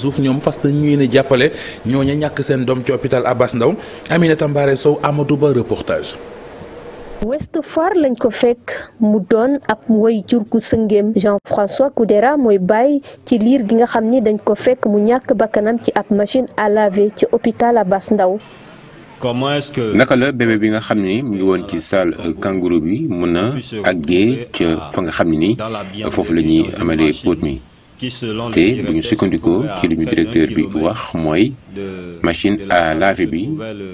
suuf ñoom fas dañu yéene jàppale ñooña ñàkk seen doom ci hôpital Abass Ndao Aminata Mbaare Sow Amadou Ba reportage. Ouest Foire lañ ko fekk mu doon ab woy jur gu sëngéem Jean-François Coudera mooy bàyyi ci liir gi nga xam ni dañ ko fekk mu ñàkk bakkanam ci ab machine à laver ci hôpital Abass Ndao comment est-ce que la bébé bi nga xam ne mu ngi woon ci salle euh, kangourou bi mun na àggee ca fa nga xam ne nii foofu lañuy ñuy amalee mi te bu ñu sukkandikoo ci li ñu directeur bi wax mooy machine à laver bi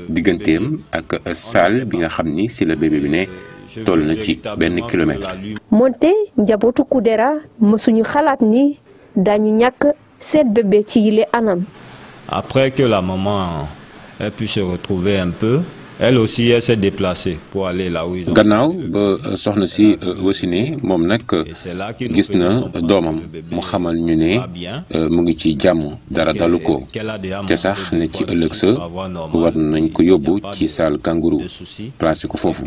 digganteem ak salle bi nga xam ni ci la bébé bi ne toll na ci benn kilomètre. moonte njabootu Koudera mësuñu xalaat ni dañu ñàkk seen bébé ci yile anam. elle aussi elle s'est déplacée pour aller là où ils ont. gannaaw ba euh, soxna si wasine euh, moom nag euh, gis na doomam mu xamal ñu ne mu ngi ci jàmm dara dalu ko te sax ne ci ëllëg sa war nañ ko yóbbu ci salle kangourou placé ko foofu.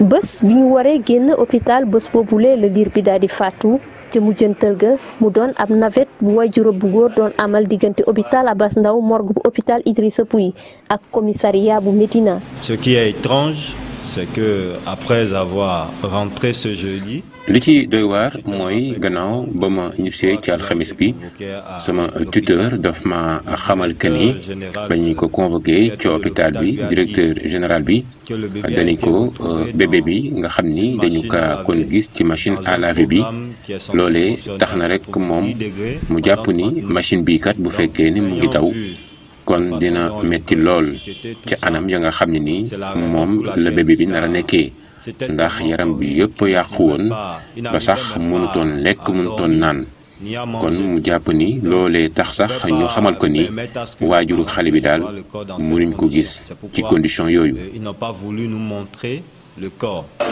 bés bi ñu waree génn hôpital bés boobule la liir bi daal faatu. ca mujjantal ga mu doon ab navette bu wayjuro bu góor doon amal diggante hôpital Abass Ndao morgue bu hôpital Idrissa Pouye ak commissariat bu Médina. Ce qui étrange. que après avoir rentré ce jeudi. li ci doy mooy gannaaw ba ma ñibbisee ci alxamis bi sama tuteur daf ma xamal que ni ba ñu ko convoqué ci hôpital bi directeur général bi dañu ko euh, bébé bi nga xam ni dañu kon gis ci machine à laver bi loolee tax na rek moom mu jàpp ni machine bii kat bu fekkee ni mu ngi taw kon dina metti lool ci anam ya nga xam ne nii moom la bébé bi nar a nekkee ndax yaram bi yëpp yàqu woon ba sax mënutoon lekk mënutoon naan kon mu jàpp ni loolee tax sax ñu xamal ko ni waajuru xale bi daal mënuñ ko gis ci condition yooyu.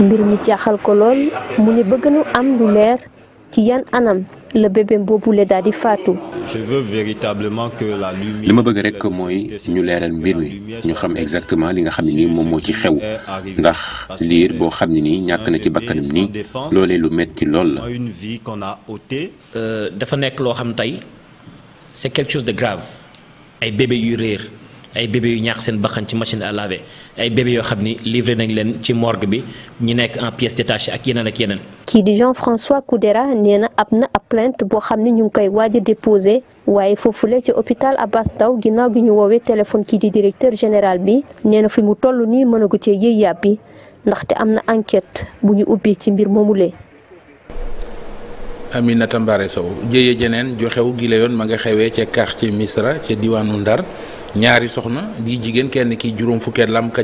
mbir mi jaaxal ko lool mu ne bëgg nu am lu leer ci yan anam. la bébé boobule daal di faatu. je veux la li ma bëgg rek mooy ñu leeral mbir mi ñu xam exactement li nga xam ne nii moom moo ci xew ndax liir boo xam ne nii ñàkk na ci bakkanam nii loolee lu metti lool la. Euh, dafa nekk loo xam tey c'est quelque chose de grave ay bébé yu réer. ay bébé yu ñaax seen bakkan ci machine à ay bébé yoo xam ni livre nañ leen ci morgue bi ñu nekk en pièces détachées ak yeneen ak yeneen kii di Jean-François Coudera nee ab na ab boo xam ne ñu ngi koy waaj a déposé waaye foofule ci hôpital Abass Ndao ginnaaw gi ñu woowee téléphone kii di directeur général bi nee na fi mu toll nii mën a gu cee yëy yàbbi ndaxte am na enquête bu ñu ubbi ci mbir moomu moomulee. Aminata Mbare Sow jëye jeneen ju xew gi la yoon ma nga xewee ca quartier Misra ca diwaanu Ndar ñaari soxna di jigéen kenn ki juróom fukkeet lam